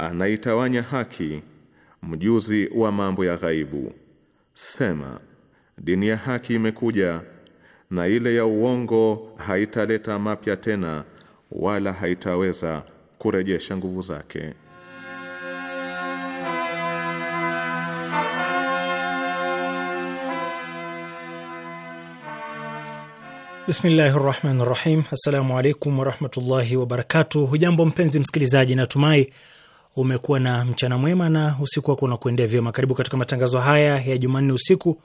anaitawanya haki, mjuzi wa mambo ya ghaibu. Sema, dini ya haki imekuja na ile ya uongo haitaleta mapya tena, wala haitaweza kurejesha nguvu zake. Bismillahi rahmani rahim. Assalamu alaikum warahmatullahi wabarakatuh. Hujambo mpenzi msikilizaji, natumai umekuwa na mchana mwema na usiku wako unakuendea vyema. Karibu katika matangazo haya ya Jumanne usiku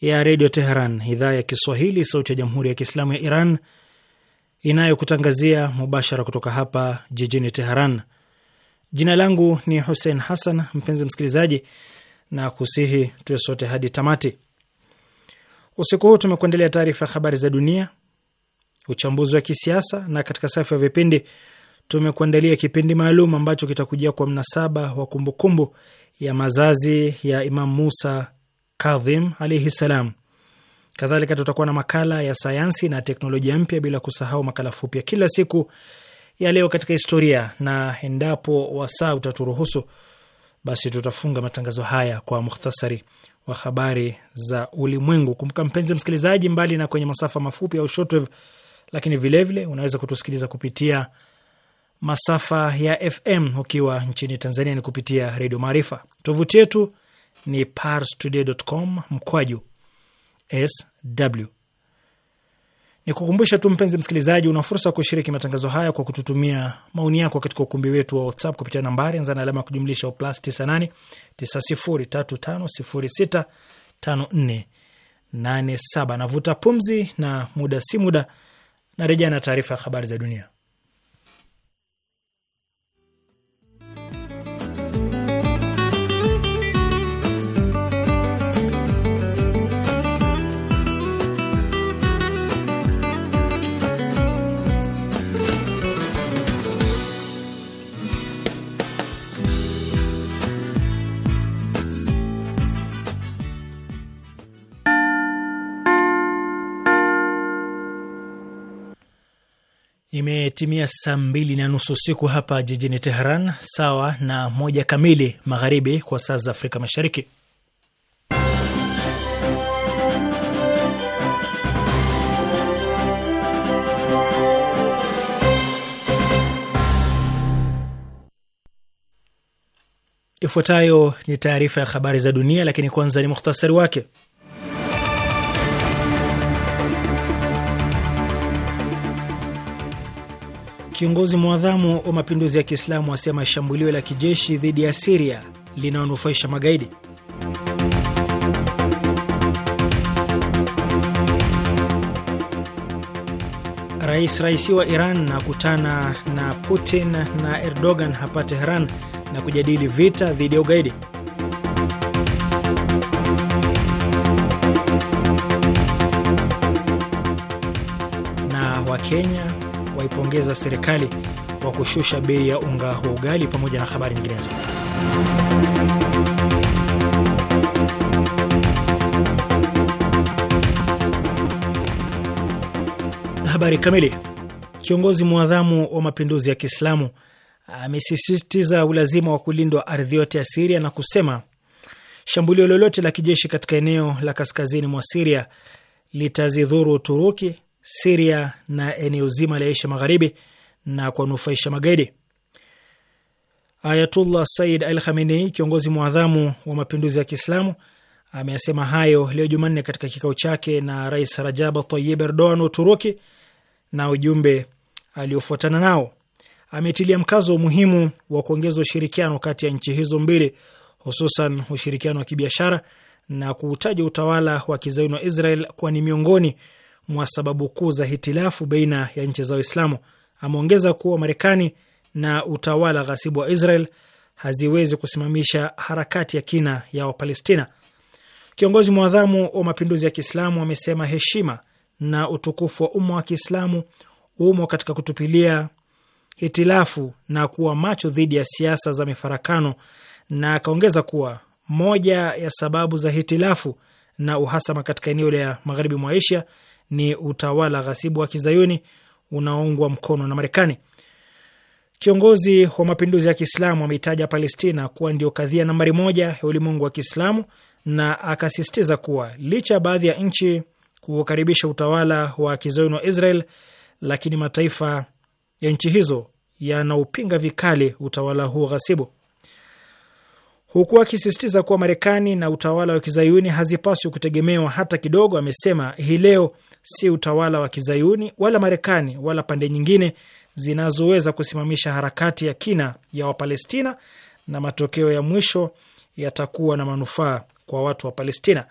ya Redio Teheran, idhaa ya Kiswahili, sauti ya Jamhuri ya Kiislamu ya Iran inayokutangazia mubashara kutoka hapa jijini Teheran. Jina langu ni Hussein Hassan. Mpenzi msikilizaji, na kusihi tuwe sote hadi tamati. Usiku huu tumekuendelea taarifa ya habari za dunia, uchambuzi wa kisiasa, na katika safu ya vipindi tumekuandalia kipindi maalum ambacho kitakujia kwa mnasaba wa kumbukumbu ya mazazi ya Imam Musa Kadhim alaihi salam. Kadhalika tutakuwa na makala ya sayansi na teknolojia mpya, bila kusahau makala fupi ya kila siku ya leo katika historia, na endapo wasaa utaturuhusu, basi tutafunga matangazo haya kwa mukhtasari wa habari za ulimwengu. Kumbuka mpenzi msikilizaji, mbali na kwenye masafa mafupi au shortwave, lakini vilevile unaweza kutusikiliza kupitia masafa ya FM ukiwa nchini Tanzania ni kupitia Redio Maarifa. Tovuti yetu ni parstoday.com mkwaju sw. Ni kukumbusha tu mpenzi msikilizaji, una fursa ya kushiriki matangazo haya kwa kututumia maoni yako katika ukumbi wetu wa WhatsApp kupitia nambari anza na alama ya kujumlisha o plus 98 Navuta pumzi na muda si muda na na taarifa ya habari za dunia. Imetimia saa mbili na nusu siku hapa jijini Teheran, sawa na moja kamili magharibi kwa saa za Afrika Mashariki. Ifuatayo ni taarifa ya habari za dunia, lakini kwanza ni muhtasari wake. Kiongozi mwadhamu wa mapinduzi ya Kiislamu asema shambulio la kijeshi dhidi ya Siria linaonufaisha magaidi. Rais Raisi wa Iran akutana na Putin na Erdogan hapa Teheran na kujadili vita dhidi ya ugaidi. Na Wakenya kuipongeza serikali kwa kushusha bei ya unga wa ugali pamoja na habari nyinginezo. Habari kamili. Kiongozi mwadhamu wa mapinduzi ya Kiislamu amesisitiza ulazima wa kulindwa ardhi yote ya Siria na kusema shambulio lolote la kijeshi katika eneo la kaskazini mwa Siria litazidhuru Uturuki Siria na eneo zima la Asia Magharibi na kuwanufaisha magaidi. Ayatullah Said Al Khamenei, kiongozi mwadhamu wa mapinduzi ya Kiislamu, ameyasema hayo leo Jumanne katika kikao chake na Rais Rajab Tayyib Erdogan wa Uturuki na ujumbe aliofuatana nao. Ametilia mkazo umuhimu wa kuongeza ushirikiano kati ya nchi hizo mbili, hususan ushirikiano wa kibiashara na kuutaja utawala wa kizayuni wa Israel kuwa ni miongoni mwa sababu kuu za hitilafu baina ya nchi za Waislamu. Ameongeza kuwa Marekani na utawala ghasibu wa Israel haziwezi kusimamisha harakati ya kina ya Wapalestina. Kiongozi mwadhamu wa mapinduzi ya Kiislamu amesema heshima na utukufu wa umma wa Kiislamu umo katika kutupilia hitilafu na kuwa macho dhidi ya siasa za mifarakano, na akaongeza kuwa moja ya sababu za hitilafu na uhasama katika eneo la magharibi mwa Asia ni utawala ghasibu wa kizayuni unaoungwa mkono na Marekani. Kiongozi wa mapinduzi ya Kiislamu ameitaja Palestina kuwa ndio kadhia nambari moja ya ulimwengu wa Kiislamu na akasisitiza kuwa licha ya baadhi ya nchi kukaribisha utawala wa kizayuni wa Israel, lakini mataifa ya nchi hizo yanaupinga vikali utawala huo ghasibu, huku akisisitiza kuwa Marekani na utawala wa kizayuni hazipaswi kutegemewa hata kidogo. Amesema hii leo si utawala wa kizayuni wala Marekani wala pande nyingine zinazoweza kusimamisha harakati ya kina ya Wapalestina, na matokeo ya mwisho yatakuwa na manufaa kwa watu wa Palestina.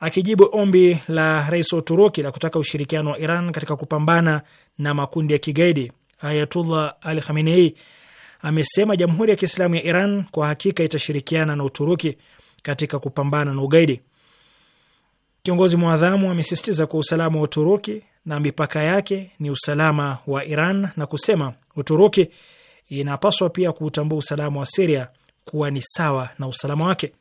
Akijibu ombi la rais wa Uturuki la kutaka ushirikiano wa Iran katika kupambana na makundi ya kigaidi, Ayatullah Ali Khamenei amesema Jamhuri ya Kiislamu ya Iran kwa hakika itashirikiana na Uturuki katika kupambana na ugaidi. Kiongozi mwadhamu amesisitiza kuwa usalama wa Uturuki na mipaka yake ni usalama wa Iran na kusema Uturuki inapaswa pia kuutambua usalama wa Siria kuwa ni sawa na usalama wake.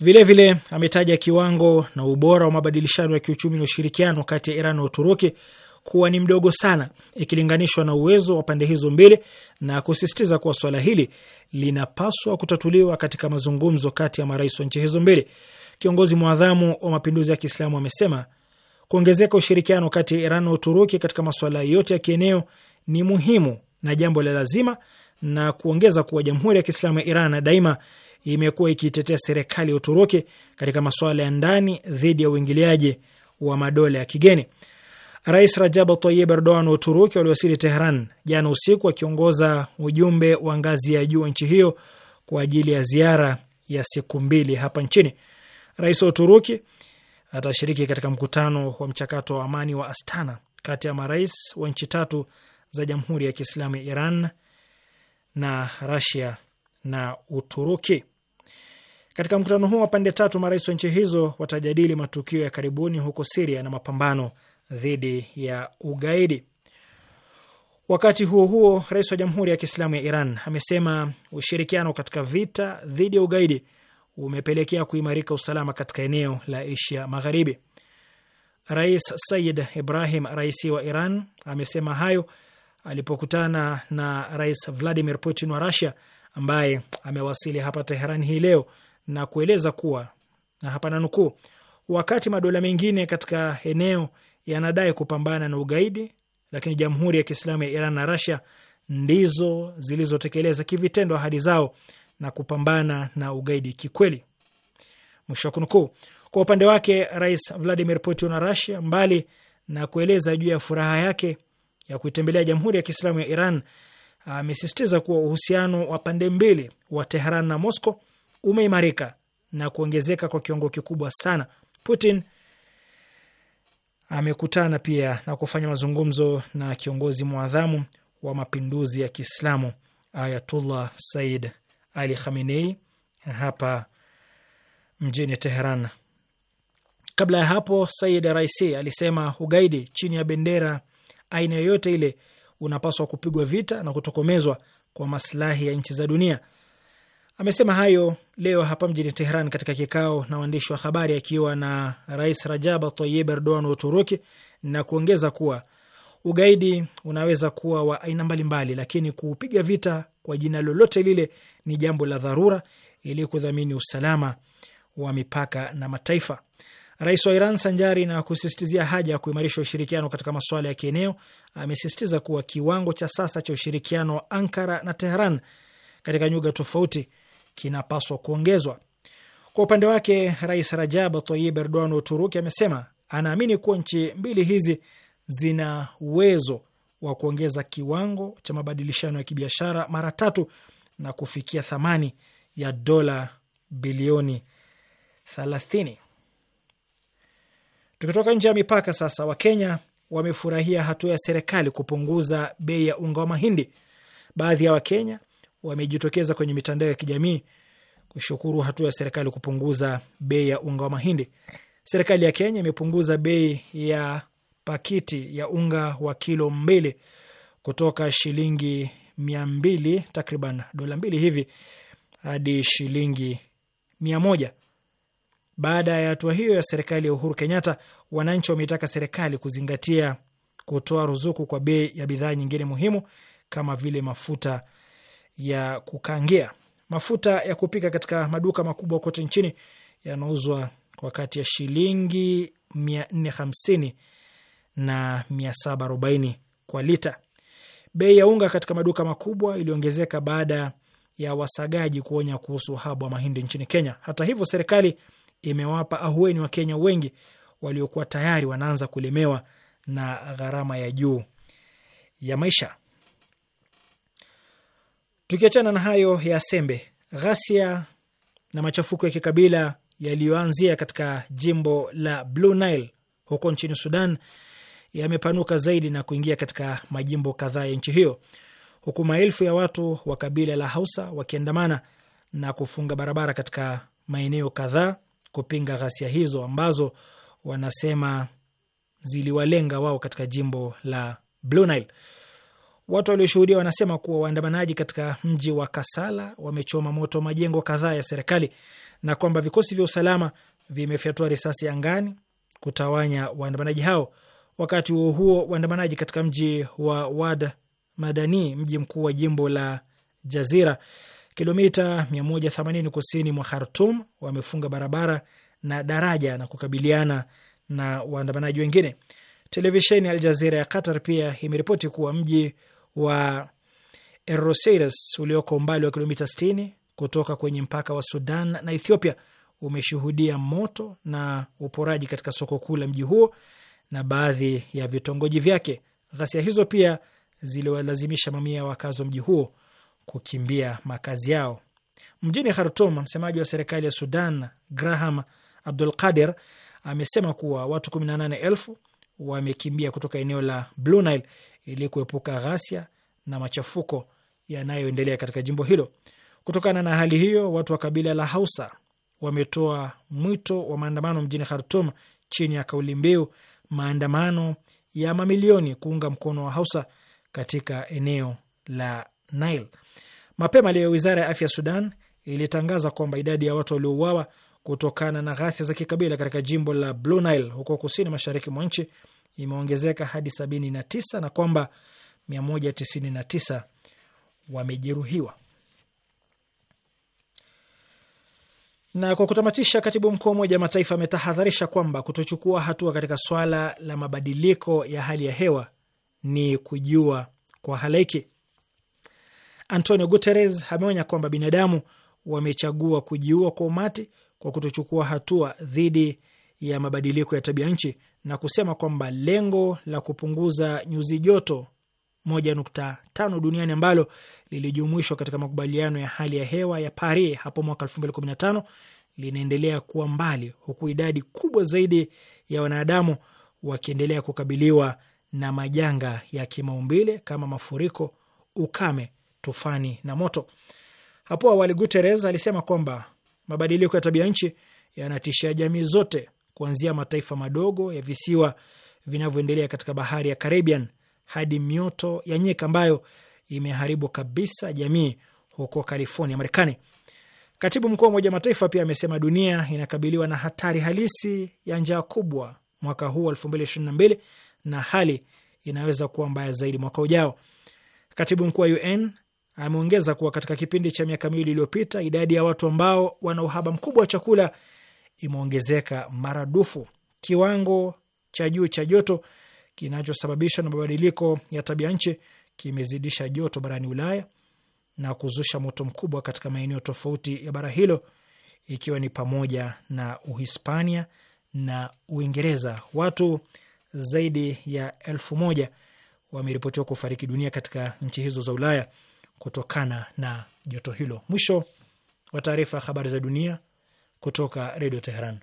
Vilevile ametaja kiwango na ubora wa mabadilishano ya kiuchumi na ushirikiano kati ya Iran na Uturuki kuwa ni mdogo sana ikilinganishwa na uwezo wa pande hizo mbili na kusisitiza kuwa swala hili linapaswa kutatuliwa katika mazungumzo kati ya marais wa nchi hizo mbili. Kiongozi mwadhamu wa mapinduzi ya Kiislamu amesema kuongezeka ushirikiano kati ya Iran na Uturuki katika masuala yote ya kieneo ni muhimu na jambo la lazima, na kuongeza kuwa Jamhuri ya Kiislamu ya Iran daima imekuwa ikitetea serikali ya Uturuki katika masuala ya ndani dhidi ya uingiliaji wa madola ya kigeni. Rais Rajab Tayyib Erdogan wa Uturuki waliwasili Tehran jana usiku akiongoza ujumbe wa ngazi ya juu wa nchi hiyo kwa ajili ya ziara ya siku mbili hapa nchini. Rais wa Uturuki atashiriki katika mkutano wa mchakato wa amani wa Astana kati ya marais wa nchi tatu za Jamhuri ya Kiislamu ya Iran na Rasia na Uturuki. Katika mkutano huo wa pande tatu, marais wa nchi hizo watajadili matukio ya karibuni huko Siria na mapambano dhidi ya ugaidi. Wakati huo huo, rais wa Jamhuri ya Kiislamu ya Iran amesema ushirikiano katika vita dhidi ya ugaidi umepelekea kuimarika usalama katika eneo la Asia Magharibi. Rais Sayyid Ibrahim Raisi wa Iran amesema hayo alipokutana na Rais Vladimir Putin wa Russia ambaye amewasili hapa Teheran hii leo na kueleza kuwa na hapa nukuu wakati madola mengine katika eneo yanadai kupambana na ugaidi, lakini Jamhuri ya Kiislamu ya Iran na Russia ndizo zilizotekeleza kivitendo ahadi zao na kupambana na ugaidi kikweli, mwisho wa kunukuu. Kwa upande wake, Rais Vladimir Putin wa rusia mbali na kueleza juu ya furaha yake ya kuitembelea Jamhuri ya Kiislamu ya Iran, amesisitiza kuwa uhusiano wa pande mbili wa Tehran na Mosco umeimarika na kuongezeka kwa kiwango kikubwa sana. Putin amekutana pia na kufanya mazungumzo na kiongozi mwadhamu wa mapinduzi ya Kiislamu Ayatullah Said ali Khamenei hapa mjini Teheran. Kabla ya hapo, Sayid Raisi alisema ugaidi chini ya bendera aina yoyote ile unapaswa kupigwa vita na kutokomezwa kwa maslahi ya nchi za dunia. Amesema hayo leo hapa mjini Teheran katika kikao na waandishi wa habari akiwa na Rais Rajab tayib Erdogan wa Uturuki na kuongeza kuwa Ugaidi unaweza kuwa wa aina mbalimbali, lakini kuupiga vita kwa jina lolote lile ni jambo la dharura ili kudhamini usalama wa mipaka na mataifa. Rais wa Iran, sanjari na kusisitizia haja ya kuimarisha ushirikiano katika masuala ya kieneo, amesisitiza kuwa kiwango cha sasa cha ushirikiano wa Ankara na Teheran katika nyuga tofauti kinapaswa kuongezwa. Kwa upande wake, Rais Rajab Tayyib Erdogan wa Uturuki amesema anaamini kuwa nchi mbili hizi zina uwezo wa kuongeza kiwango cha mabadilishano ya kibiashara mara tatu na kufikia thamani ya dola bilioni thelathini. Tukitoka nje ya mipaka sasa, Wakenya wamefurahia hatua ya serikali kupunguza bei ya unga wa mahindi. Baadhi ya Wakenya wamejitokeza kwenye mitandao ya kijamii kushukuru hatua ya serikali kupunguza bei ya unga wa mahindi. Serikali ya Kenya imepunguza bei ya pakiti ya unga wa kilo mbili kutoka shilingi mia mbili takriban dola mbili hivi hadi shilingi mia moja. Baada ya hatua hiyo ya serikali ya Uhuru Kenyatta, wananchi wameitaka serikali kuzingatia kutoa ruzuku kwa bei ya bidhaa nyingine muhimu kama vile mafuta ya kukangia. Mafuta ya kupika katika maduka makubwa kote nchini yanauzwa kwa kati ya shilingi mia nne hamsini na 740 kwa lita. Bei ya unga katika maduka makubwa iliongezeka baada ya wasagaji kuonya kuhusu uhaba wa mahindi nchini Kenya. Hata hivyo, serikali imewapa ahueni wa Kenya wengi waliokuwa tayari wanaanza kulemewa na gharama ya juu ya maisha. Tukiachana na hayo ya sembe, ghasia na machafuko ya kikabila yaliyoanzia katika jimbo la Blue Nile huko nchini Sudan yamepanuka zaidi na kuingia katika majimbo kadhaa ya nchi hiyo, huku maelfu ya watu wa kabila la Hausa wakiandamana na kufunga barabara katika maeneo kadhaa kupinga ghasia hizo ambazo wanasema ziliwalenga wao katika jimbo la Blue Nile. Watu walioshuhudia wanasema kuwa waandamanaji katika mji wa Kasala wamechoma moto majengo kadhaa ya serikali na kwamba vikosi vya usalama vimefyatua risasi angani kutawanya waandamanaji hao. Wakati huo huo, waandamanaji katika mji wa Wad Madani, mji mkuu wa jimbo la Jazira, kilomita 180 kusini mwa Khartum, wamefunga barabara na daraja na kukabiliana na waandamanaji wengine. Televisheni Al Jazira ya Qatar pia imeripoti kuwa mji wa Eroseiras ulioko umbali wa kilomita 60 kutoka kwenye mpaka wa Sudan na Ethiopia umeshuhudia moto na uporaji katika soko kuu la mji huo na baadhi ya vitongoji vyake. Ghasia hizo pia ziliwalazimisha mamia ya wakazi wa mji huo kukimbia makazi yao. Mjini Khartum, msemaji wa serikali ya Sudan Graham Abdul Qadir amesema kuwa watu 18,000 wamekimbia kutoka eneo la Blue Nile ili kuepuka ghasia na machafuko yanayoendelea katika jimbo hilo. Kutokana na hali hiyo, watu wa kabila la Hausa wametoa mwito wa maandamano mjini Khartum chini ya kauli mbiu maandamano ya mamilioni kuunga mkono wa Hausa katika eneo la Nile. Mapema leo wizara ya afya Sudan ilitangaza kwamba idadi ya watu waliouawa kutokana na ghasia za kikabila katika jimbo la Blue Nile huko kusini mashariki mwa nchi imeongezeka hadi 79 na kwamba 199 wamejeruhiwa. Na kwa kutamatisha, katibu mkuu wa Umoja wa Mataifa ametahadharisha kwamba kutochukua hatua katika swala la mabadiliko ya hali ya hewa ni kujua kwa halaiki. Antonio Guterres ameonya kwamba binadamu wamechagua kujiua kwa umati kwa kutochukua hatua dhidi ya mabadiliko ya tabia nchi na kusema kwamba lengo la kupunguza nyuzi joto 1.5 duniani ambalo lilijumuishwa katika makubaliano ya hali ya hewa ya Paris hapo mwaka 2015 linaendelea kuwa mbali, huku idadi kubwa zaidi ya wanadamu wakiendelea kukabiliwa na majanga ya kimaumbile kama mafuriko, ukame, tufani na moto. Hapo awali Guterres alisema kwamba mabadiliko ya tabia nchi yanatishia jamii zote kuanzia mataifa madogo ya visiwa vinavyoendelea katika bahari ya Caribbean hadi mioto ya nyika ambayo imeharibu kabisa jamii huko California, Marekani. Katibu mkuu wa Umoja Mataifa pia amesema dunia inakabiliwa na hatari halisi ya njaa kubwa mwaka huu 2022 na na hali inaweza kuwa mbaya zaidi mwaka ujao. Katibu mkuu wa UN ameongeza kuwa katika kipindi cha miaka miwili iliyopita idadi ya watu ambao wana uhaba mkubwa wa chakula imeongezeka maradufu. Kiwango cha juu cha joto kinachosababishwa na mabadiliko ya tabia nchi kimezidisha joto barani Ulaya na kuzusha moto mkubwa katika maeneo tofauti ya bara hilo ikiwa ni pamoja na Uhispania na Uingereza. Watu zaidi ya elfu moja wameripotiwa kufariki dunia katika nchi hizo za Ulaya kutokana na joto hilo. Mwisho wa taarifa ya habari za dunia kutoka Redio Teheran.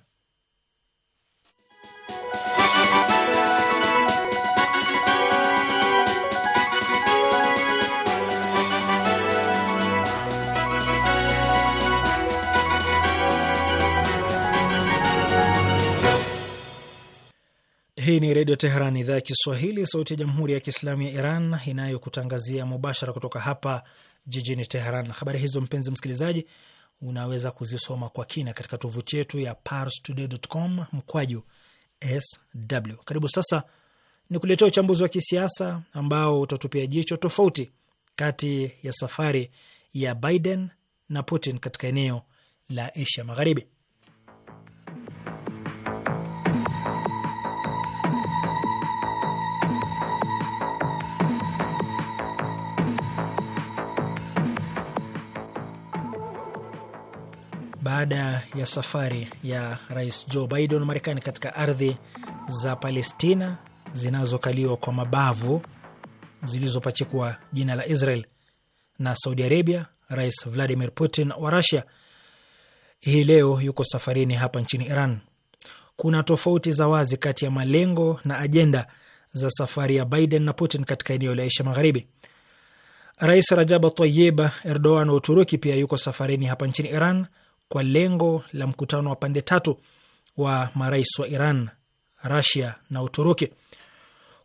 Hii ni Redio Teheran, idhaa ya Kiswahili, sauti ya Jamhuri ya Kiislamu ya Iran inayokutangazia mubashara kutoka hapa jijini Teheran. Habari hizo, mpenzi msikilizaji, unaweza kuzisoma kwa kina katika tovuti yetu ya parstoday.com mkwaju sw. Karibu sasa ni kuletea uchambuzi wa kisiasa ambao utatupia jicho tofauti kati ya safari ya Biden na Putin katika eneo la Asia Magharibi. baada ya safari ya rais Joe Biden wa Marekani katika ardhi za Palestina zinazokaliwa kwa mabavu zilizopachikwa jina la Israel na Saudi Arabia, Rais Vladimir Putin wa rusia hii leo yuko safarini hapa nchini Iran. Kuna tofauti za wazi kati ya malengo na ajenda za safari ya Biden na Putin katika eneo la Asia Magharibi. Rais Rajab tayib Erdogan wa Uturuki pia yuko safarini hapa nchini Iran kwa lengo la mkutano wa pande tatu wa marais wa Iran, Rasia na Uturuki.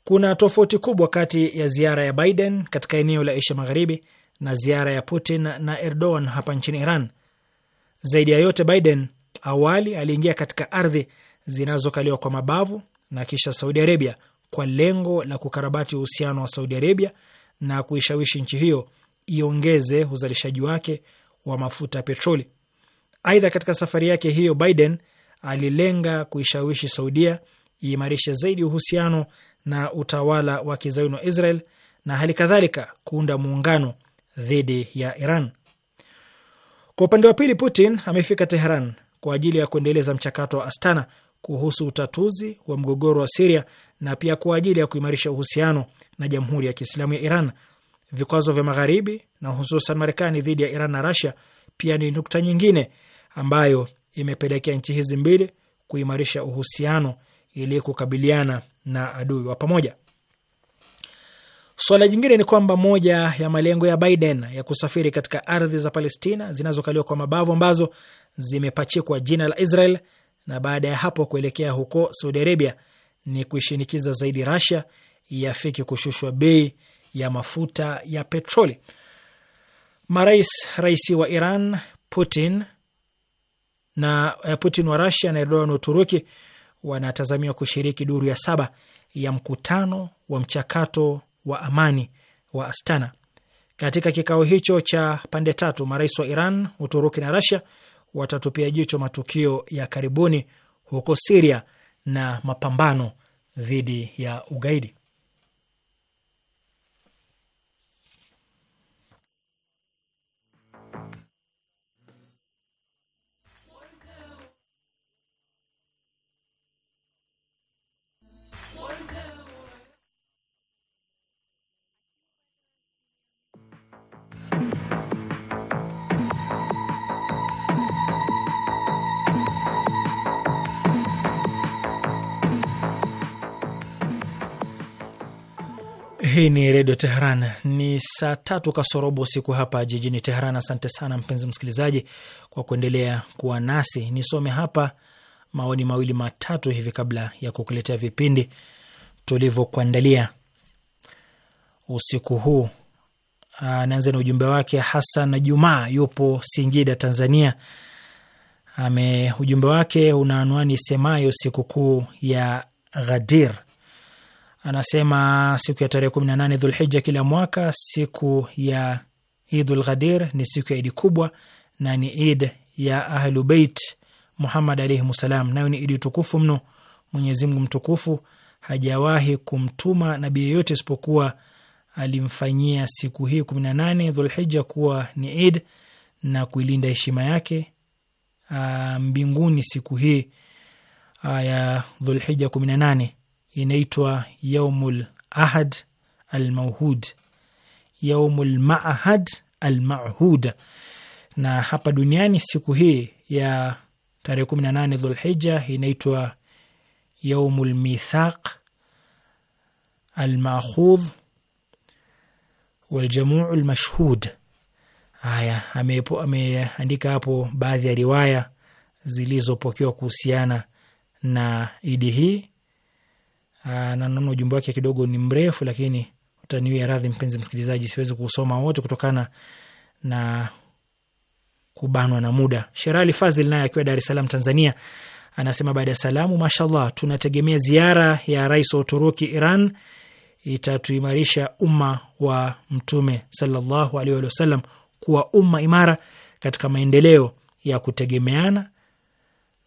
Kuna tofauti kubwa kati ya ziara ya Biden katika eneo la Asia Magharibi na ziara ya Putin na Erdogan hapa nchini Iran. Zaidi ya yote, Biden awali aliingia katika ardhi zinazokaliwa kwa mabavu na kisha Saudi Arabia kwa lengo la kukarabati uhusiano wa Saudi Arabia na kuishawishi nchi hiyo iongeze uzalishaji wake wa mafuta ya petroli. Aidha, katika safari yake hiyo Biden alilenga kuishawishi Saudia iimarishe zaidi uhusiano na utawala wa kizayuni wa Israel na hali kadhalika kuunda muungano dhidi ya Iran. Kwa upande wa pili, Putin amefika Teheran kwa ajili ya kuendeleza mchakato wa Astana kuhusu utatuzi wa mgogoro wa Siria na pia kwa ajili ya kuimarisha uhusiano na Jamhuri ya Kiislamu ya Iran. Vikwazo vya Magharibi na hususan Marekani dhidi ya Iran na Rasia pia ni nukta nyingine ambayo imepelekea nchi hizi mbili kuimarisha uhusiano ili kukabiliana na adui wa pamoja. Swala jingine ni kwamba moja ya malengo ya Biden ya kusafiri katika ardhi za Palestina zinazokaliwa kwa mabavu ambazo zimepachikwa jina la Israel na baada ya hapo kuelekea huko Saudi Arabia ni kuishinikiza zaidi Russia yafiki kushushwa bei ya mafuta ya petroli. Marais raisi wa Iran Putin na eh, Putin wa Rasia na Erdogan wa Uturuki wanatazamiwa kushiriki duru ya saba ya mkutano wa mchakato wa amani wa Astana. Katika kikao hicho cha pande tatu, marais wa Iran, Uturuki na Rasia watatupia jicho matukio ya karibuni huko Siria na mapambano dhidi ya ugaidi. Hii ni Redio Teheran. Ni saa tatu kasorobo usiku hapa jijini Teheran. Asante sana mpenzi msikilizaji kwa kuendelea kuwa nasi. Nisome hapa maoni mawili matatu hivi kabla ya kukuletea vipindi tulivyokuandalia usiku huu. Ah, Naanza na ujumbe wake Hasan Jumaa, yupo Singida, Tanzania. Ame ujumbe wake una anwani isemayo sikukuu ya Ghadir anasema siku ya tarehe kumi na nane Dhulhija kila mwaka, siku ya Idul Ghadir ni siku ya idi kubwa na ni id ya Ahlu Beit Muhammad alaihim salam, nayo ni idi tukufu mno. Mwenyezi Mungu mtukufu hajawahi kumtuma nabii yeyote isipokuwa alimfanyia siku hii kumi na nane Dhulhija kuwa ni id na kuilinda heshima yake a, ah, mbinguni siku hii a, ah, ya Dhulhija nane inaitwa Yaumul Ahad Almauhud, Yaumul Maahad Almahud. Na hapa duniani siku hii ya tarehe kumi na nane Dhulhija inaitwa Yaumul Mithaq Almakhudh Waljamuu Lmashhud. Haya, ameandika hapo baadhi ya riwaya zilizopokewa kuhusiana na idi hii Ah, na naona ujumbe wake kidogo ni mrefu, lakini utaniwia radhi mpenzi msikilizaji, siwezi kusoma wote kutokana na kubanwa na muda. Sherali Fazil naye akiwa Dar es Salaam, Tanzania, anasema baada ya salamu, mashallah, tunategemea ziara ya rais wa Uturuki Iran itatuimarisha umma wa Mtume sallallahu alaihi wasallam kuwa umma imara katika maendeleo ya kutegemeana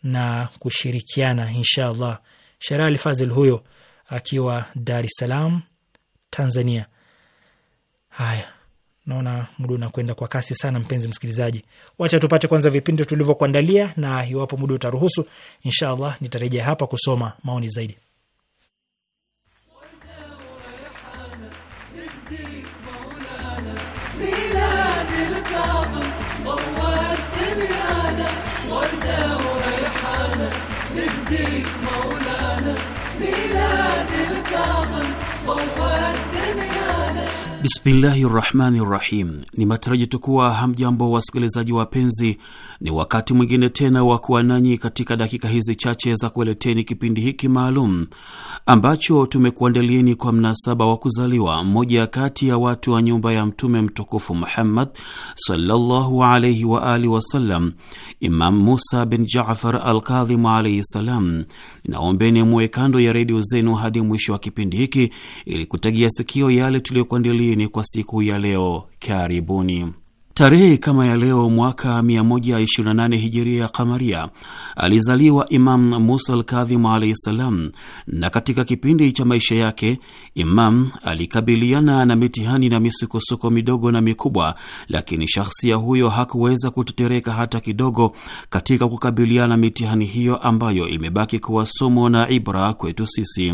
na kushirikiana, inshallah. Sherali Fazil huyo akiwa Dar es Salaam, Tanzania. Haya, naona muda unakwenda kwa kasi sana, mpenzi msikilizaji, wacha tupate kwanza vipindi tulivyokuandalia, na iwapo muda utaruhusu, insha allah nitarejea hapa kusoma maoni zaidi. Bismillahi rahmani rahim. Ni matarajio kuwa hamjambo wasikilizaji wapenzi, ni wakati mwingine tena wa kuwa nanyi katika dakika hizi chache za kueleteni kipindi hiki maalum ambacho tumekuandalieni kwa mnasaba wa kuzaliwa mmoja kati ya watu wa nyumba ya Mtume mtukufu Muhammad sallallahu alaihi wa alihi wasallam, Imam Musa bin Jafar Alkadhimu alaihi salam. Naombeni muwe kando ya redio zenu hadi mwisho wa kipindi hiki ili kutagia sikio yale tuliyokuandalieni kwa siku ya leo. Karibuni. Tarehe kama ya leo mwaka 128 hijiria ya kamaria alizaliwa Imam Musa Alkadhimu alaihi ssalam, na katika kipindi cha maisha yake Imam alikabiliana na mitihani na misukosuko midogo na mikubwa, lakini shahsia huyo hakuweza kutetereka hata kidogo katika kukabiliana mitihani hiyo ambayo imebaki kuwa somo na ibra kwetu sisi.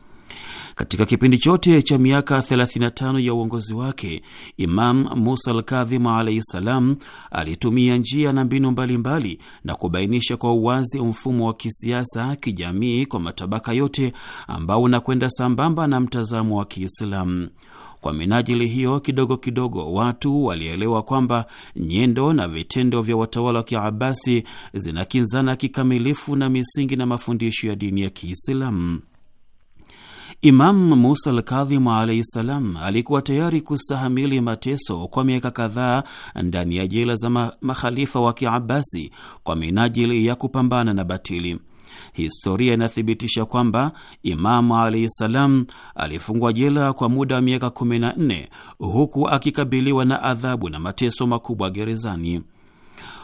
Katika kipindi chote cha miaka 35 ya uongozi wake, Imam Musa alkadhimu alaihi salam alitumia njia na mbinu mbalimbali mbali, na kubainisha kwa uwazi mfumo wa kisiasa, kijamii kwa matabaka yote ambao unakwenda sambamba na mtazamo wa Kiislamu. Kwa minajili hiyo, kidogo kidogo watu walielewa kwamba nyendo na vitendo vya watawala wa Kiabasi zinakinzana kikamilifu na misingi na mafundisho ya dini ya Kiislamu. Imam Musa al alaihi salam alikuwa tayari kustahamili mateso kwa miaka kadhaa ndani ya jela za makhalifa wa Kiabasi kwa minajili ya kupambana na batili. Historia inathibitisha kwamba Imamu alaihi salam alifungwa jela kwa muda wa miaka 14 huku akikabiliwa na adhabu na mateso makubwa gerezani.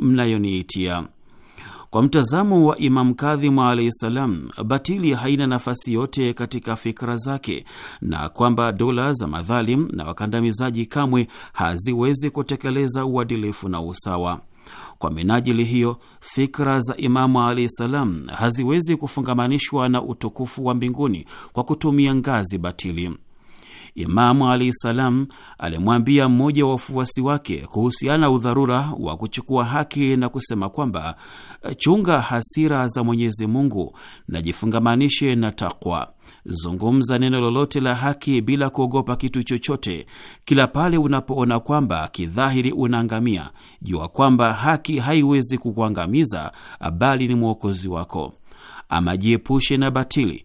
mnayoniitia. Kwa mtazamo wa Imamu Kadhimu alahi salam, batili haina nafasi yote katika fikra zake na kwamba dola za madhalim na wakandamizaji kamwe haziwezi kutekeleza uadilifu na usawa. Kwa minajili hiyo, fikra za Imamu alahi salam haziwezi kufungamanishwa na utukufu wa mbinguni kwa kutumia ngazi batili. Imamu alaihi salam alimwambia mmoja wa wafuasi wake kuhusiana na udharura wa kuchukua haki na kusema kwamba chunga hasira za Mwenyezi Mungu na jifungamanishe na takwa. Zungumza neno lolote la haki bila kuogopa kitu chochote. Kila pale unapoona kwamba kidhahiri unaangamia, jua kwamba haki haiwezi kukuangamiza, bali ni mwokozi wako. Amajiepushe na batili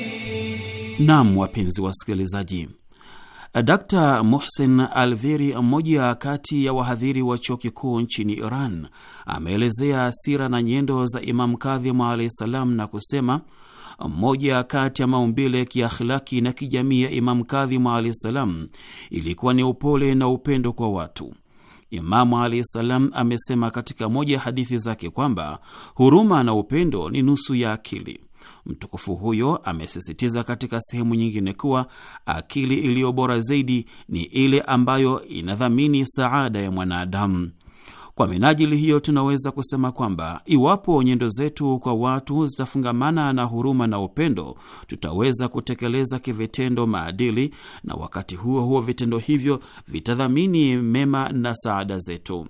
Nam, wapenzi wasikilizaji, d Mohsen Alveri, mmoja kati ya wahadhiri wa chuo kikuu nchini Iran, ameelezea sira na nyendo za Imamu Kadhimu alahi salam na kusema mmoja kati ya maumbile ya kiakhlaki na kijamii ya Imamu Kadhimu alahi salam ilikuwa ni upole na upendo kwa watu. Imamu alahi salam amesema katika moja ya hadithi zake kwamba huruma na upendo ni nusu ya akili. Mtukufu huyo amesisitiza katika sehemu nyingine kuwa akili iliyo bora zaidi ni ile ambayo inadhamini saada ya mwanadamu. Kwa minajili hiyo, tunaweza kusema kwamba iwapo nyendo zetu kwa watu zitafungamana na huruma na upendo, tutaweza kutekeleza kivitendo maadili, na wakati huo huo vitendo hivyo vitadhamini mema na saada zetu.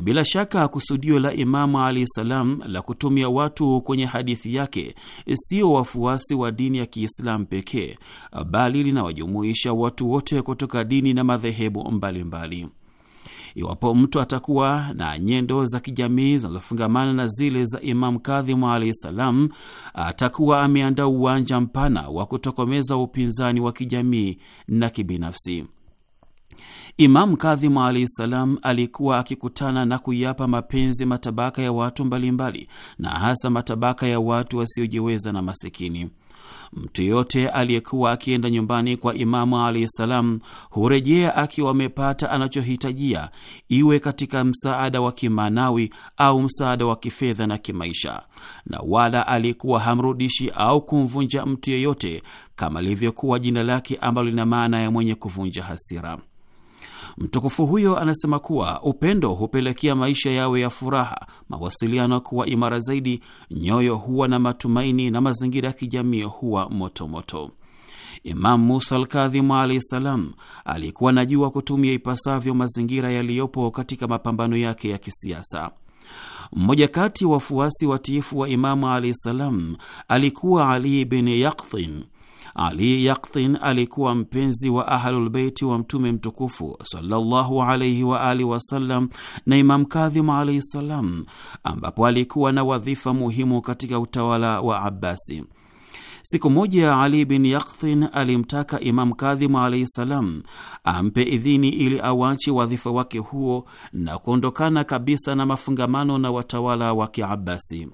Bila shaka kusudio la Imamu alahi salam la kutumia watu kwenye hadithi yake sio wafuasi wa dini ya Kiislamu pekee, bali linawajumuisha watu wote kutoka dini na madhehebu mbalimbali. Iwapo mtu atakuwa na nyendo za kijamii zinazofungamana na zile za Imamu Kadhimu alahi salam, atakuwa ameandaa uwanja mpana wa kutokomeza upinzani wa kijamii na kibinafsi. Imamu Kadhimu alahi salam alikuwa akikutana na kuyapa mapenzi matabaka ya watu mbalimbali na hasa matabaka ya watu wasiojiweza na masikini. Mtu yote aliyekuwa akienda nyumbani kwa Imamu alahi salam hurejea akiwa amepata anachohitajia, iwe katika msaada wa kimaanawi au msaada wa kifedha na kimaisha, na wala aliyekuwa hamrudishi au kumvunja mtu yeyote, kama lilivyokuwa jina lake ambalo lina maana ya mwenye kuvunja hasira. Mtukufu huyo anasema kuwa upendo hupelekea maisha yawe ya furaha, mawasiliano kuwa imara zaidi, nyoyo huwa na matumaini na mazingira ya kijamii huwa motomoto moto. Imamu Musa Alkadhimu alahi salam alikuwa anajua kutumia ipasavyo mazingira yaliyopo katika mapambano yake ya kisiasa. Mmoja kati wafuasi watiifu wa Imamu alahi salam alikuwa Ali bin Yakdhin ali Yaktin alikuwa mpenzi wa Ahlulbeiti wa Mtume mtukufu sallallahu alaihi wa alihi wasallam na Imam Kadhim alaihi salam, ambapo alikuwa na wadhifa muhimu katika utawala wa Abbasi. Siku moja Ali bin Yakthin alimtaka Imam Kadhimu alaihi salam ampe idhini ili awache wadhifa wake huo na kuondokana kabisa na mafungamano na watawala wa Kiabasi.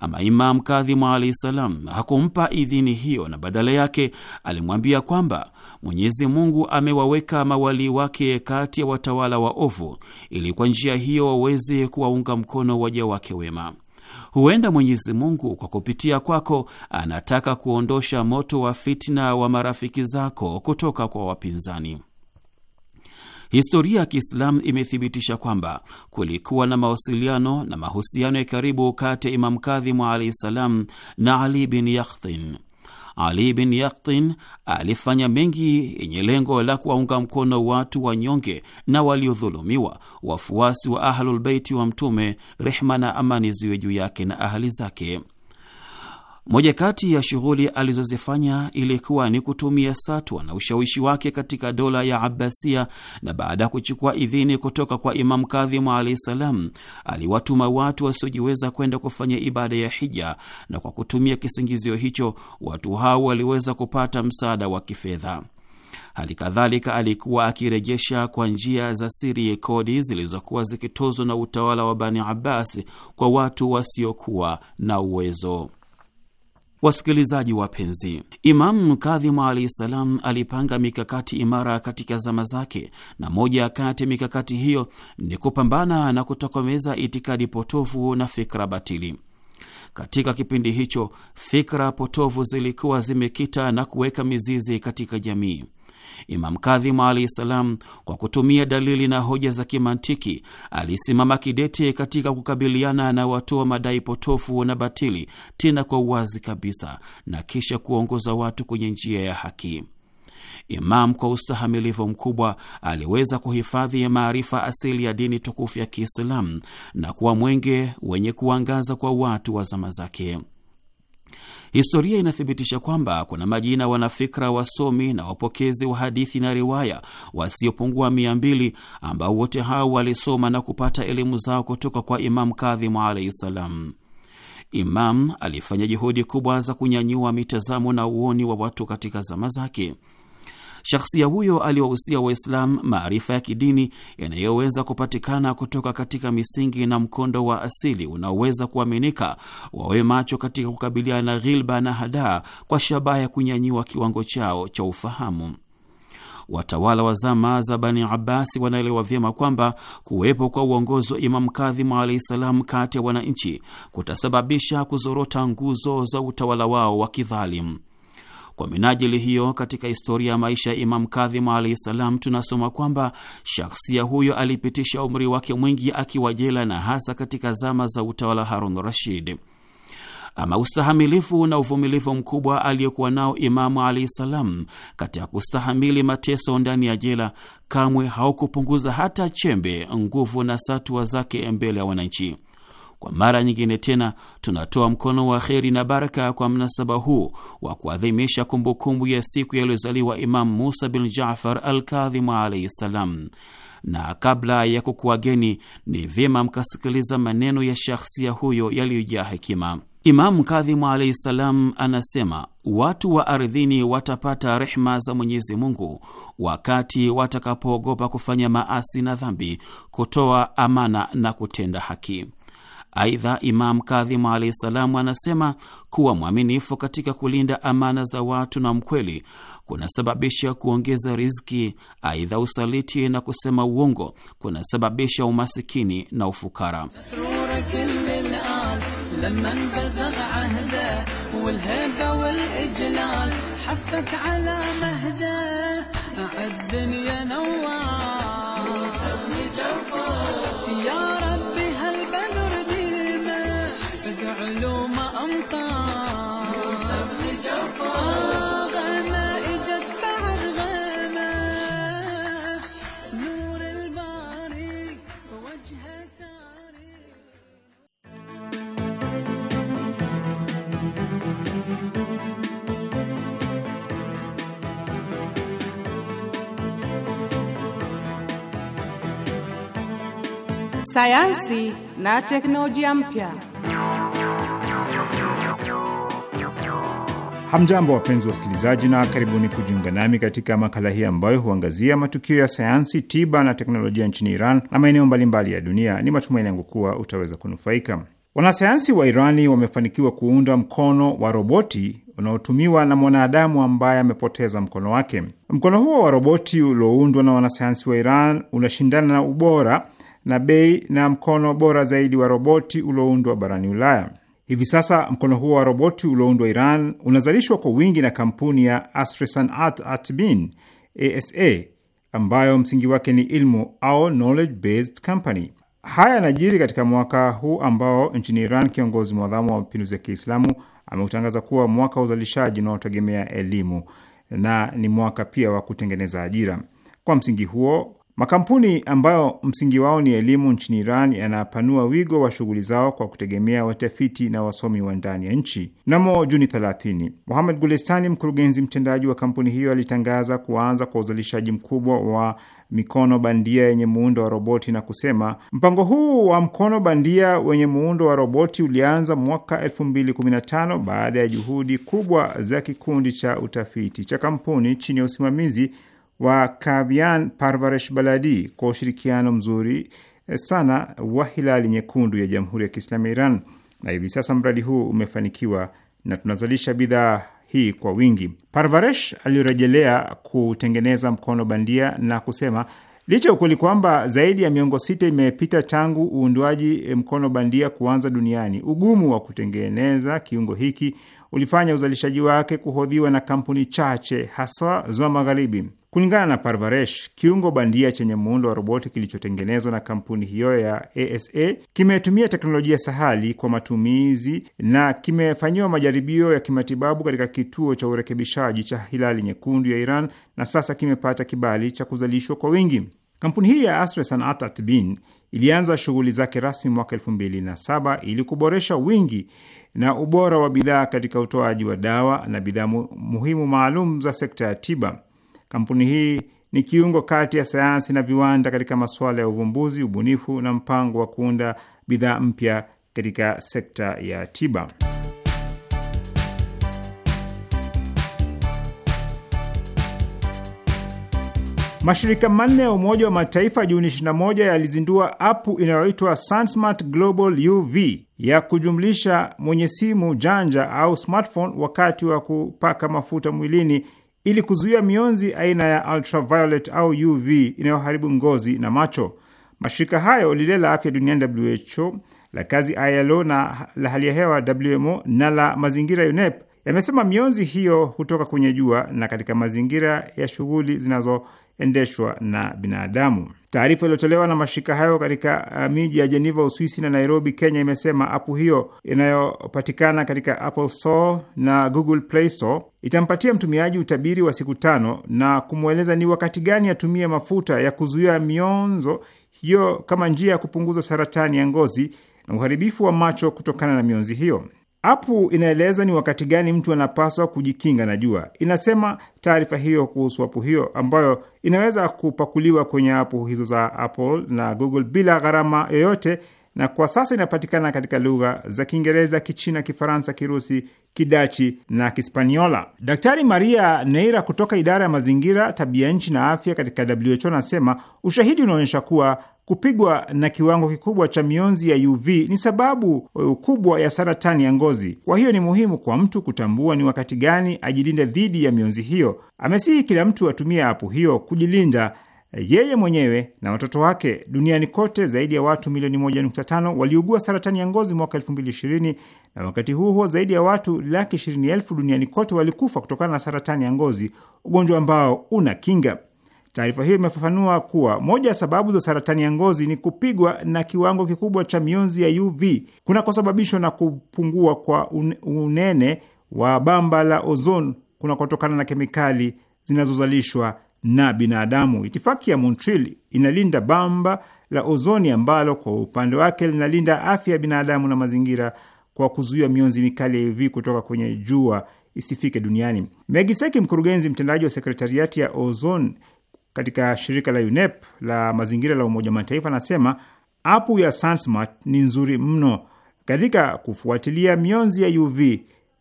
Ama Imam Kadhimu alaihi salam hakumpa idhini hiyo, na badala yake alimwambia kwamba Mwenyezi Mungu amewaweka mawalii wake kati ya watawala waovu ili kwa njia hiyo waweze kuwaunga mkono waja wake wema. Huenda Mwenyezi Mungu kwa kupitia kwako anataka kuondosha moto wa fitna wa marafiki zako kutoka kwa wapinzani. Historia ya Kiislamu imethibitisha kwamba kulikuwa na mawasiliano na mahusiano ya karibu kati ya Imam Kadhimu alaihi ssalam na Ali bin Yakhtin. Ali bin Yakhtin alifanya mengi yenye lengo la kuwaunga mkono watu wanyonge na waliodhulumiwa, wafuasi wa Ahlulbeiti wa Mtume, rehma na amani ziwe juu yake na ahali zake. Moja kati ya shughuli alizozifanya ilikuwa ni kutumia satwa na ushawishi wake katika dola ya Abbasia, na baada ya kuchukua idhini kutoka kwa Imam Kadhimu alahi salam, aliwatuma watu wasiojiweza kwenda kufanya ibada ya hija, na kwa kutumia kisingizio hicho watu hao waliweza kupata msaada wa kifedha. Hali kadhalika alikuwa akirejesha kwa njia za siri kodi zilizokuwa zikitozwa na utawala wa Bani Abbas kwa watu wasiokuwa na uwezo. Wasikilizaji wapenzi, Imamu Kadhimu alahi salam alipanga mikakati imara katika zama zake, na moja kati ya mikakati hiyo ni kupambana na kutokomeza itikadi potofu na fikra batili. Katika kipindi hicho fikra potofu zilikuwa zimekita na kuweka mizizi katika jamii. Imam Kadhimu alahi salam, kwa kutumia dalili na hoja za kimantiki, alisimama kidete katika kukabiliana na watoa madai potofu na batili, tena kwa uwazi kabisa, na kisha kuongoza watu kwenye njia ya haki. Imam kwa ustahamilivu mkubwa aliweza kuhifadhi maarifa asili ya dini tukufu ya Kiislamu na kuwa mwenge wenye kuangaza kwa watu wa zama zake. Historia inathibitisha kwamba kuna majina wanafikra, wasomi na wapokezi wa hadithi na riwaya wasiopungua mia mbili ambao wote hao walisoma na kupata elimu zao kutoka kwa Imamu Kadhimu alaihi ssalam. Imam alifanya juhudi kubwa za kunyanyua mitazamo na uoni wa watu katika zama zake. Shakhsia huyo aliwahusia Waislam maarifa ya kidini yanayoweza kupatikana kutoka katika misingi na mkondo wa asili unaoweza kuaminika, wawe macho katika kukabiliana na ghilba na hadaa kwa shabaha ya kunyanyiwa kiwango chao cha ufahamu. Watawala wa zama za Bani Abasi wanaelewa vyema kwamba kuwepo kwa uongozi wa Imamu Kadhimu alaihi salam kati ya wananchi kutasababisha kuzorota nguzo za utawala wao wa kidhalimu. Kwa minajili hiyo, katika historia ya maisha ya Imam Kadhimu alahi salam tunasoma kwamba shakhsia huyo alipitisha umri wake mwingi akiwa jela na hasa katika zama za utawala Harun Rashid. Ama ustahamilifu na uvumilivu mkubwa aliyekuwa nao Imamu alaihi salam katika kustahamili mateso ndani ya jela kamwe haukupunguza hata chembe nguvu na satua zake mbele ya wananchi. Kwa mara nyingine tena tunatoa mkono wa kheri na baraka kwa mnasaba huu wa kuadhimisha kumbukumbu ya siku yaliyozaliwa Imamu Musa bin Jafar al Kadhimu alaihi ssalam. Na kabla ya kukuwageni, ni vyema mkasikiliza maneno ya shakhsia huyo yaliyojaa hekima. Imamu Kadhimu alaihi ssalam anasema watu wa ardhini watapata rehma za Mwenyezi Mungu wakati watakapoogopa kufanya maasi na dhambi, kutoa amana na kutenda haki. Aidha, Imam Kadhimu alahi salamu anasema kuwa mwaminifu katika kulinda amana za watu na mkweli kunasababisha kuongeza riziki. Aidha, usaliti na kusema uongo kunasababisha umasikini na ufukara. sayansi na teknolojia mpya. Hamjambo, wapenzi wasikilizaji, na karibuni kujiunga nami katika makala hii ambayo huangazia matukio ya sayansi, tiba na teknolojia nchini Iran na maeneo mbalimbali ya dunia. Ni matumaini yangu kuwa utaweza kunufaika. Wanasayansi wa Irani wamefanikiwa kuunda mkono wa roboti unaotumiwa na mwanadamu ambaye amepoteza mkono wake. Mkono huo wa roboti ulioundwa na wanasayansi wa Iran unashindana na ubora na bei na mkono bora zaidi wa roboti ulioundwa barani Ulaya. Hivi sasa mkono huo wa roboti ulioundwa Iran unazalishwa kwa wingi na kampuni ya Astresanat Atbin Asa, ambayo msingi wake ni ilmu au knowledge based company. Haya yanajiri katika mwaka huu ambao nchini Iran kiongozi mwadhamu wa mapinduzi ya Kiislamu ameutangaza kuwa mwaka wa uzalishaji unaotegemea elimu na ni mwaka pia wa kutengeneza ajira. Kwa msingi huo Makampuni ambayo msingi wao ni elimu nchini Iran yanapanua wigo wa shughuli zao kwa kutegemea watafiti na wasomi wa ndani ya nchi. Mnamo Juni 30, muhamed Gulestani, mkurugenzi mtendaji wa kampuni hiyo, alitangaza kuanza kwa uzalishaji mkubwa wa mikono bandia yenye muundo wa roboti na kusema, mpango huu wa mkono bandia wenye muundo wa roboti ulianza mwaka 2015 baada ya juhudi kubwa za kikundi cha utafiti cha kampuni chini ya usimamizi wa Kavian Parvaresh Baladi kwa ushirikiano mzuri sana wa Hilali Nyekundu ya Jamhuri ya Kiislamu ya Iran, na hivi sasa mradi huu umefanikiwa na tunazalisha bidhaa hii kwa wingi. Parvaresh alirejelea kutengeneza mkono bandia na kusema licha ya ukweli kwamba zaidi ya miongo sita imepita tangu uundwaji mkono bandia kuanza duniani, ugumu wa kutengeneza kiungo hiki ulifanya uzalishaji wake kuhodhiwa na kampuni chache hasa za Magharibi. Kulingana na Parvaresh, kiungo bandia chenye muundo wa roboti kilichotengenezwa na kampuni hiyo ya ASA kimetumia teknolojia sahali kwa matumizi na kimefanyiwa majaribio ya kimatibabu katika kituo cha urekebishaji cha Hilali Nyekundu ya Iran na sasa kimepata kibali cha kuzalishwa kwa wingi. Kampuni hii ya Asre Sanat Atbin ilianza shughuli zake rasmi mwaka elfu mbili na saba ili kuboresha wingi na ubora wa bidhaa katika utoaji wa dawa na bidhaa muhimu maalum za sekta ya tiba. Kampuni hii ni kiungo kati ya sayansi na viwanda katika masuala ya uvumbuzi, ubunifu na mpango wa kuunda bidhaa mpya katika sekta ya tiba. Mashirika manne ya Umoja wa Mataifa Juni 21 yalizindua apu inayoitwa SunSmart Global UV ya kujumlisha mwenye simu janja au smartphone wakati wa kupaka mafuta mwilini ili kuzuia mionzi aina ya ultraviolet au UV inayoharibu ngozi na macho. Mashirika hayo lile la afya duniani WHO, la kazi ILO na la hali ya hewa WMO na la mazingira UNEP yamesema mionzi hiyo hutoka kwenye jua na katika mazingira ya shughuli zinazoendeshwa na binadamu. Taarifa iliyotolewa na mashirika hayo katika uh, miji ya Jeneva, Uswisi na Nairobi, Kenya, imesema apu hiyo inayopatikana katika Apple Store na Google Play Store itampatia mtumiaji utabiri wa siku tano na kumweleza ni wakati gani atumie mafuta ya kuzuia mionzo hiyo kama njia ya kupunguza saratani ya ngozi na uharibifu wa macho kutokana na mionzi hiyo. Apu inaeleza ni wakati gani mtu anapaswa kujikinga na jua. Inasema taarifa hiyo kuhusu apu hiyo ambayo inaweza kupakuliwa kwenye apu hizo za Apple na Google bila gharama yoyote, na kwa sasa inapatikana katika lugha za Kiingereza, Kichina, Kifaransa, Kirusi, Kidachi na Kispaniola. Daktari Maria Neira kutoka idara ya mazingira, tabia nchi na afya katika WHO anasema ushahidi unaonyesha kuwa Kupigwa na kiwango kikubwa cha mionzi ya UV ni sababu uh, kubwa ya saratani ya ngozi. Kwa hiyo ni muhimu kwa mtu kutambua ni wakati gani ajilinde dhidi ya mionzi hiyo. Amesihi kila mtu atumie apu hiyo kujilinda uh, yeye mwenyewe na watoto wake. Duniani kote zaidi ya watu milioni 1.5 waliugua saratani ya ngozi mwaka 2020 na wakati huo huo zaidi ya watu laki 20 elfu duniani kote walikufa kutokana na saratani ya ngozi, ugonjwa ambao una kinga. Taarifa hiyo imefafanua kuwa moja ya sababu za saratani ya ngozi ni kupigwa na kiwango kikubwa cha mionzi ya UV kunakosababishwa na kupungua kwa unene wa bamba la ozon kunakotokana na kemikali zinazozalishwa na binadamu. Itifaki ya Montreal inalinda bamba la ozoni ambalo kwa upande wake linalinda afya ya binadamu na mazingira kwa kuzuia mionzi mikali ya UV kutoka kwenye jua isifike duniani. Megiseki, mkurugenzi mtendaji wa sekretariati ya ozon katika shirika la UNEP la mazingira la Umoja wa Mataifa anasema apu ya SunSmart ni nzuri mno katika kufuatilia mionzi ya UV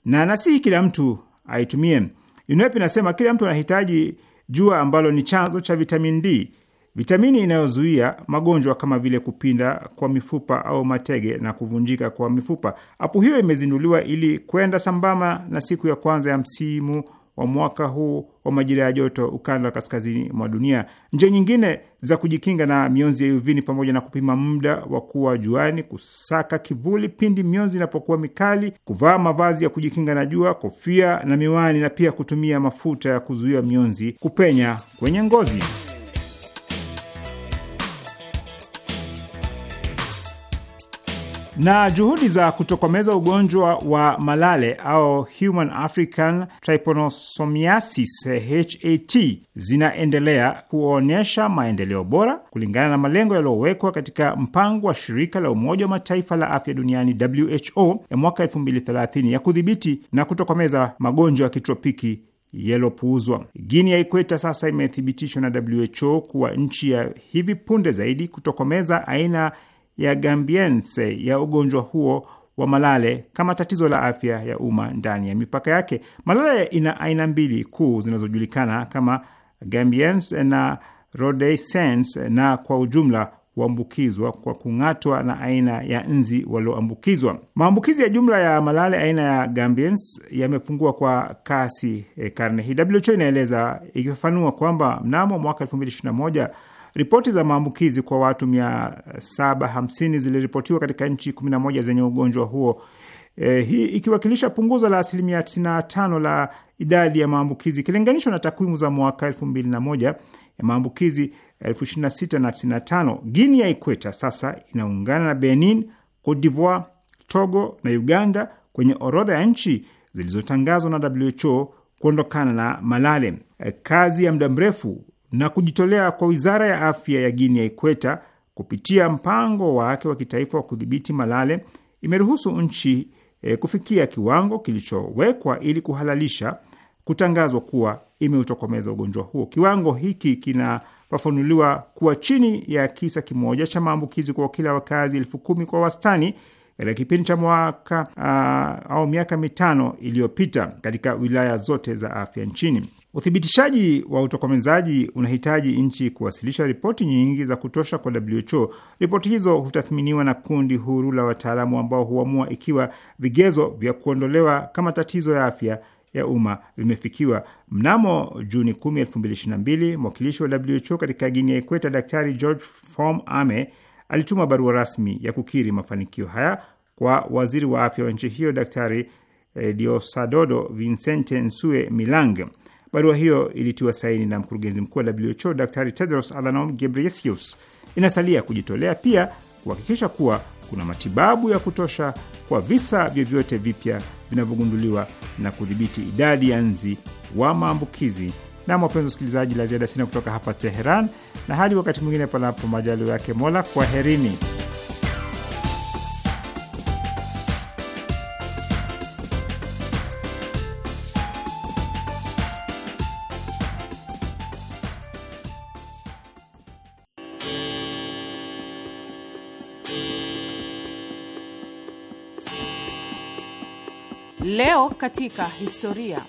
na nasihi kila mtu aitumie. UNEP inasema kila mtu anahitaji jua ambalo ni chanzo cha vitamini D, vitamini inayozuia magonjwa kama vile kupinda kwa mifupa au matege na kuvunjika kwa mifupa. Apu hiyo imezinduliwa ili kwenda sambamba na siku ya kwanza ya msimu wa mwaka huu wa majira ya joto ukanda wa kaskazini mwa dunia. Njia nyingine za kujikinga na mionzi ya UV ni pamoja na kupima muda wa kuwa juani, kusaka kivuli pindi mionzi inapokuwa mikali, kuvaa mavazi ya kujikinga na jua, kofia na miwani, na pia kutumia mafuta ya kuzuia mionzi kupenya kwenye ngozi. na juhudi za kutokomeza ugonjwa wa malale au Human African Trypanosomiasis HAT zinaendelea kuonyesha maendeleo bora kulingana na malengo yaliyowekwa katika mpango wa shirika la Umoja wa Mataifa la afya duniani WHO ya mwaka 2030 ya kudhibiti na kutokomeza magonjwa ya kitropiki yaliyopuuzwa. Guini ya Ikweta sasa imethibitishwa na WHO kuwa nchi ya hivi punde zaidi kutokomeza aina ya Gambiense ya ugonjwa huo wa malale kama tatizo la afya ya umma ndani ya mipaka yake. Malale ina aina mbili kuu zinazojulikana kama Gambiense na Rhodesiense, na kwa ujumla huambukizwa kwa kung'atwa na aina ya nzi walioambukizwa. Maambukizi ya jumla ya malale aina ya Gambiense yamepungua kwa kasi eh, karne hii, WHO inaeleza ikifafanua kwamba mnamo mwaka 2021 Ripoti za maambukizi kwa watu 750 ziliripotiwa katika nchi 11 zenye ugonjwa huo. E, hii ikiwakilisha punguzo la asilimia 95 la idadi ya maambukizi ikilinganishwa na takwimu za mwaka 2001 ya maambukizi 2695. Guinea ya Ikweta sasa inaungana na Benin, Cote d'Ivoire, Togo na Uganda kwenye orodha ya nchi zilizotangazwa na WHO kuondokana na malale. E, kazi ya muda mrefu na kujitolea kwa wizara ya afya ya Guinea ya Ikweta kupitia mpango wake wa kitaifa wa kudhibiti malale imeruhusu nchi e, kufikia kiwango kilichowekwa ili kuhalalisha kutangazwa kuwa imeutokomeza ugonjwa huo. Kiwango hiki kinafafanuliwa kuwa chini ya kisa kimoja cha maambukizi kwa kila wakazi elfu kumi kwa wastani katika kipindi cha mwaka au miaka mitano iliyopita katika wilaya zote za afya nchini. Uthibitishaji wa utokomezaji unahitaji nchi kuwasilisha ripoti nyingi za kutosha kwa WHO. Ripoti hizo hutathminiwa na kundi huru la wataalamu ambao huamua ikiwa vigezo vya kuondolewa kama tatizo ya afya ya umma vimefikiwa. Mnamo Juni 10, 2022, mwakilishi wa WHO katika Gini ya Ikweta, Daktari George Fom Ame alituma barua rasmi ya kukiri mafanikio haya kwa waziri wa afya wa nchi hiyo Daktari eh, Diosadodo Vincente Nsue Milange. Barua hiyo ilitiwa saini na mkurugenzi mkuu wa WHO Daktari Tedros Adhanom Ghebreyesus. Inasalia kujitolea pia kuhakikisha kuwa kuna matibabu ya kutosha kwa visa vyovyote vipya vinavyogunduliwa na kudhibiti idadi ya nzi wa maambukizi. Na wapenzi wasikilizaji, la ziada sina kutoka hapa Teheran, na hadi wakati mwingine, panapo majalio yake Mola, kwaherini. Leo katika historia.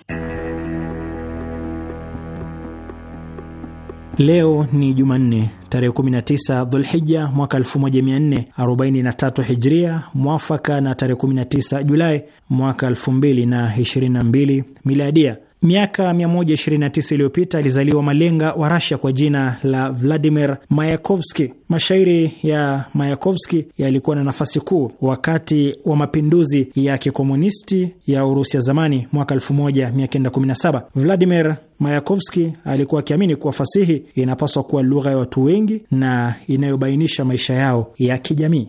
Leo ni Jumanne tarehe 19 Dhulhija mwaka 1443 Hijria, mwafaka na tarehe 19 Julai mwaka 2022 Miladia. Miaka 129 iliyopita alizaliwa malenga wa rasia kwa jina la Vladimir Mayakovski. Mashairi ya Mayakovski yalikuwa na nafasi kuu wakati wa mapinduzi ya kikomunisti ya Urusi ya zamani mwaka 1917. Vladimir Mayakovski alikuwa akiamini kuwa fasihi inapaswa kuwa lugha ya watu wengi na inayobainisha maisha yao ya kijamii.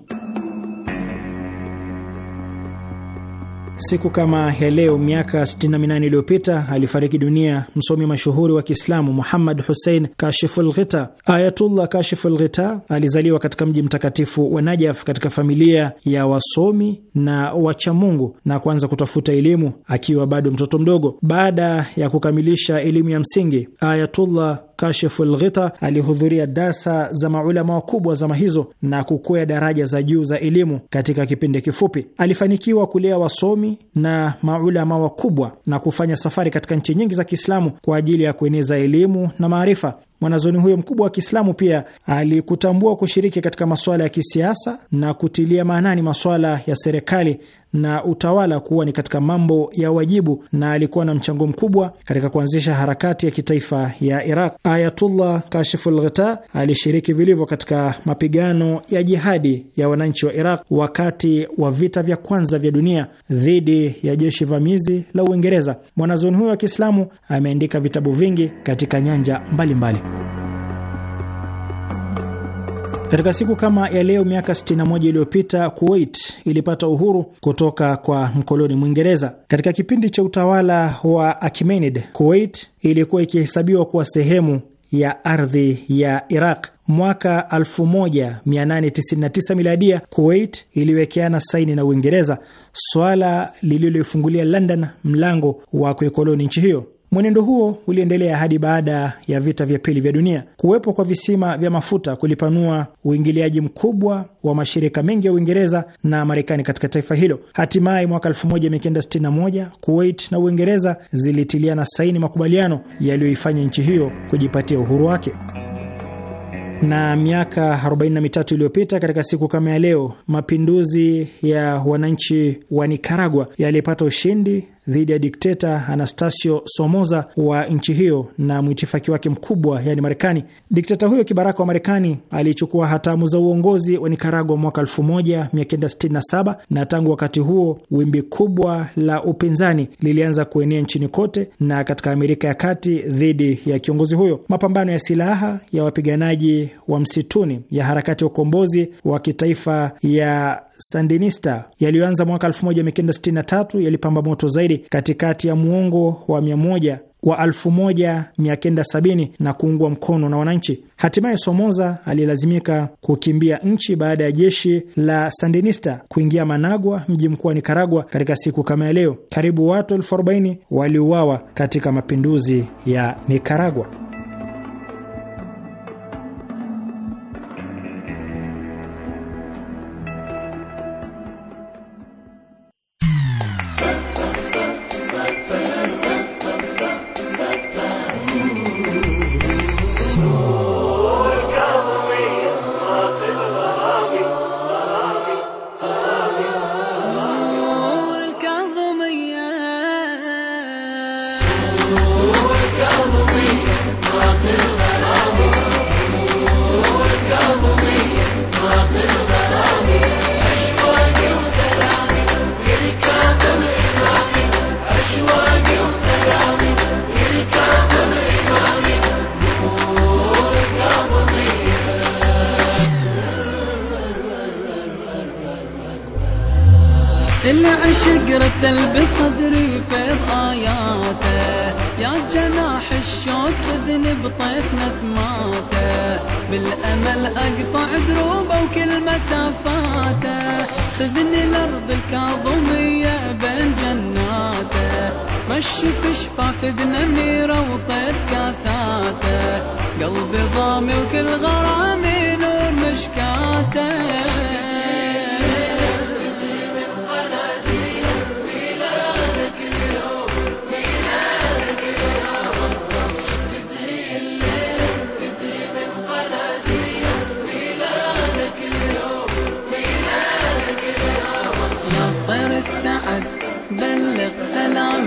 Siku kama ya leo miaka 68 iliyopita alifariki dunia msomi mashuhuri wa Kiislamu Muhammad Hussein Kashiful Ghita. Ayatullah Kashiful Ghita alizaliwa katika mji mtakatifu wa Najaf katika familia ya wasomi na wachamungu na kuanza kutafuta elimu akiwa bado mtoto mdogo. Baada ya kukamilisha elimu ya msingi, Ayatullah Kashiful Lghita alihudhuria darsa za maulama wakubwa zama hizo na kukwea daraja za juu za elimu katika kipindi kifupi. Alifanikiwa kulea wasomi na maulama wakubwa na kufanya safari katika nchi nyingi za Kiislamu kwa ajili ya kueneza elimu na maarifa. Mwanazoni huyo mkubwa wa Kiislamu pia alikutambua kushiriki katika masuala ya kisiasa na kutilia maanani masuala ya serikali na utawala kuwa ni katika mambo ya wajibu na alikuwa na mchango mkubwa katika kuanzisha harakati ya kitaifa ya Iraq. Ayatullah Kashiful Ghita alishiriki vilivyo katika mapigano ya jihadi ya wananchi wa Iraq wakati wa vita vya kwanza vya dunia dhidi ya jeshi vamizi la Uingereza. Mwanazoni huyo wa Kiislamu ameandika vitabu vingi katika nyanja mbalimbali mbali. Katika siku kama ya leo miaka 61 iliyopita Kuwait ilipata uhuru kutoka kwa mkoloni Mwingereza. Katika kipindi cha utawala wa Akimenid, Kuwait ilikuwa ikihesabiwa kuwa sehemu ya ardhi ya Iraq. Mwaka 1899 miladia, Kuwait iliwekeana saini na Uingereza, swala lililoifungulia London mlango wa kuikoloni nchi hiyo. Mwenendo huo uliendelea hadi baada ya vita vya pili vya dunia. Kuwepo kwa visima vya mafuta kulipanua uingiliaji mkubwa wa mashirika mengi ya Uingereza na Marekani katika taifa hilo. Hatimaye mwaka 1961 Kuwait na Uingereza zilitiliana saini makubaliano yaliyoifanya nchi hiyo kujipatia uhuru wake na miaka 43 iliyopita katika siku kama ya leo, mapinduzi ya wananchi wa Nikaragua yalipata ushindi dhidi ya dikteta Anastasio Somoza wa nchi hiyo na mwitifaki wake mkubwa, yani Marekani. Dikteta huyo kibaraka wa Marekani alichukua hatamu za uongozi wa Nikaragua mwaka 1967 na tangu wakati huo wimbi kubwa la upinzani lilianza kuenea nchini kote na katika Amerika ya Kati dhidi ya kiongozi huyo. Mapambano ya silaha ya wapiganaji wa msituni ya harakati ya ukombozi wa kitaifa ya Sandinista yaliyoanza mwaka 1963 yalipamba moto zaidi katikati ya muongo wa 100 wa 1970 na kuungwa mkono na wananchi. Hatimaye Somoza alilazimika kukimbia nchi baada ya jeshi la Sandinista kuingia Managua, mji mkuu wa Nikaragua, katika siku kama ya leo. Karibu watu 40 waliuawa katika mapinduzi ya Nikaragua. رشف شفاف بنميرة وطير كاساته قلبي ضامي وكل غرامي نور مشكاته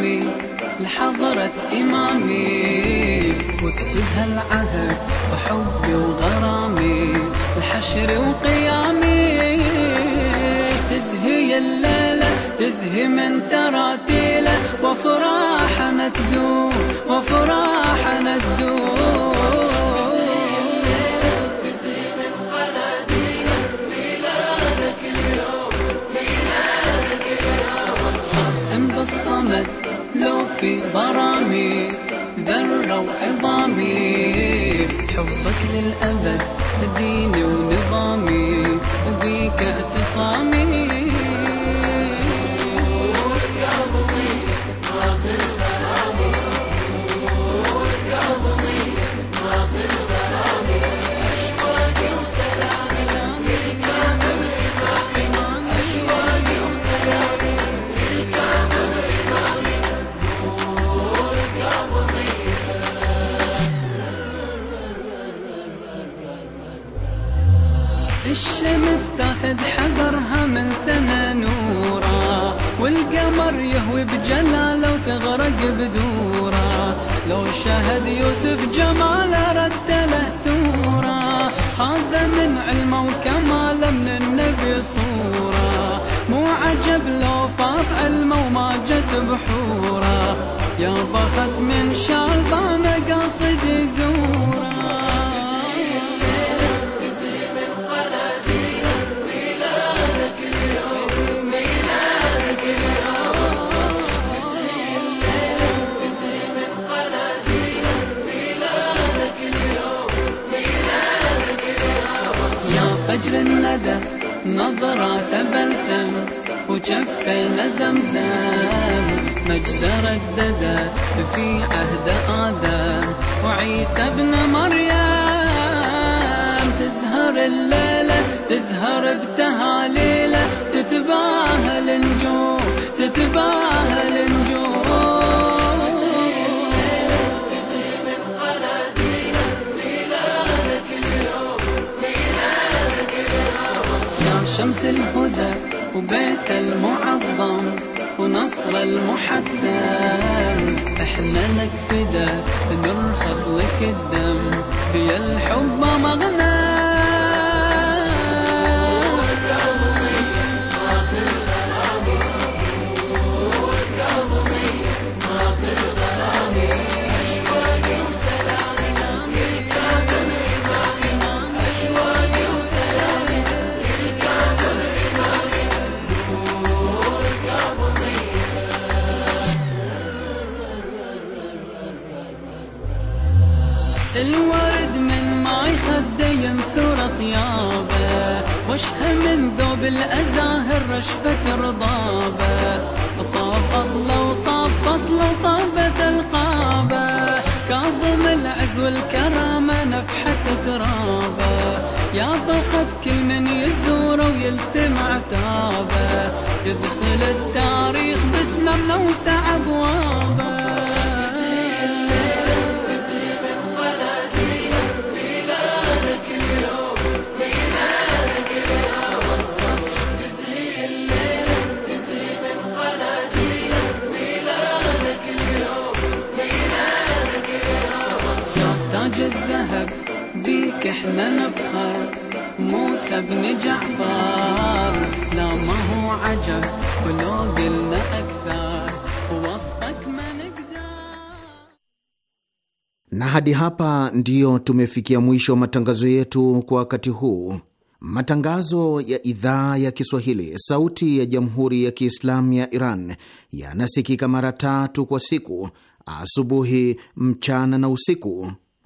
أمامي لحضرة إمامي وقتها العهد وحبي وغرامي الحشر وقيامي تزهي الليلة تزهي من تراتيله وفراحة ندوم وفراحة ندوم الصمد في ضرامي ذرة وعظامي حبك للأبد ديني ونظامي وبيك اعتصامي الشمس تاخذ حذرها من سنة نورا والقمر يهوي بجلاله وتغرق بدورا لو شهد يوسف جماله رتله له سورة هذا من علمه وكماله من النبي صورة مو عجب لو فاض علمه وما جت بحورة يا بخت من شاطانة قاصد فجر الندى نظرة تبلسم وشفه لزمزم مجد ردد في عهد آدم وعيسى ابن مريم تزهر الليلة تزهر بتهاليله تتباهى النجوم تتباهى النجوم شمس الهدى وبيت المعظم ونصر المحتم احنا لك نرخص لك الدم يا الحب مغنى ينثر طيابه وشها من ذوب الأزاهر رشفة رضابه طاب أصله وطاب فصله طابت القابه كاظم العز والكرامة نفحة ترابه يا بخت كل من يزوره ويلتم عتابه يدخل التاريخ باسمه منوسع أبوابه لك احنا نفخر موسى بن جعفر لا ما هو عجب ولو قلنا اكثر وصفك ما نقدر na hadi hapa ndiyo tumefikia mwisho wa matangazo yetu kwa wakati huu. Matangazo ya idhaa ya Kiswahili sauti ya jamhuri ya Kiislamu ya Iran yanasikika mara tatu kwa siku: asubuhi, mchana na usiku.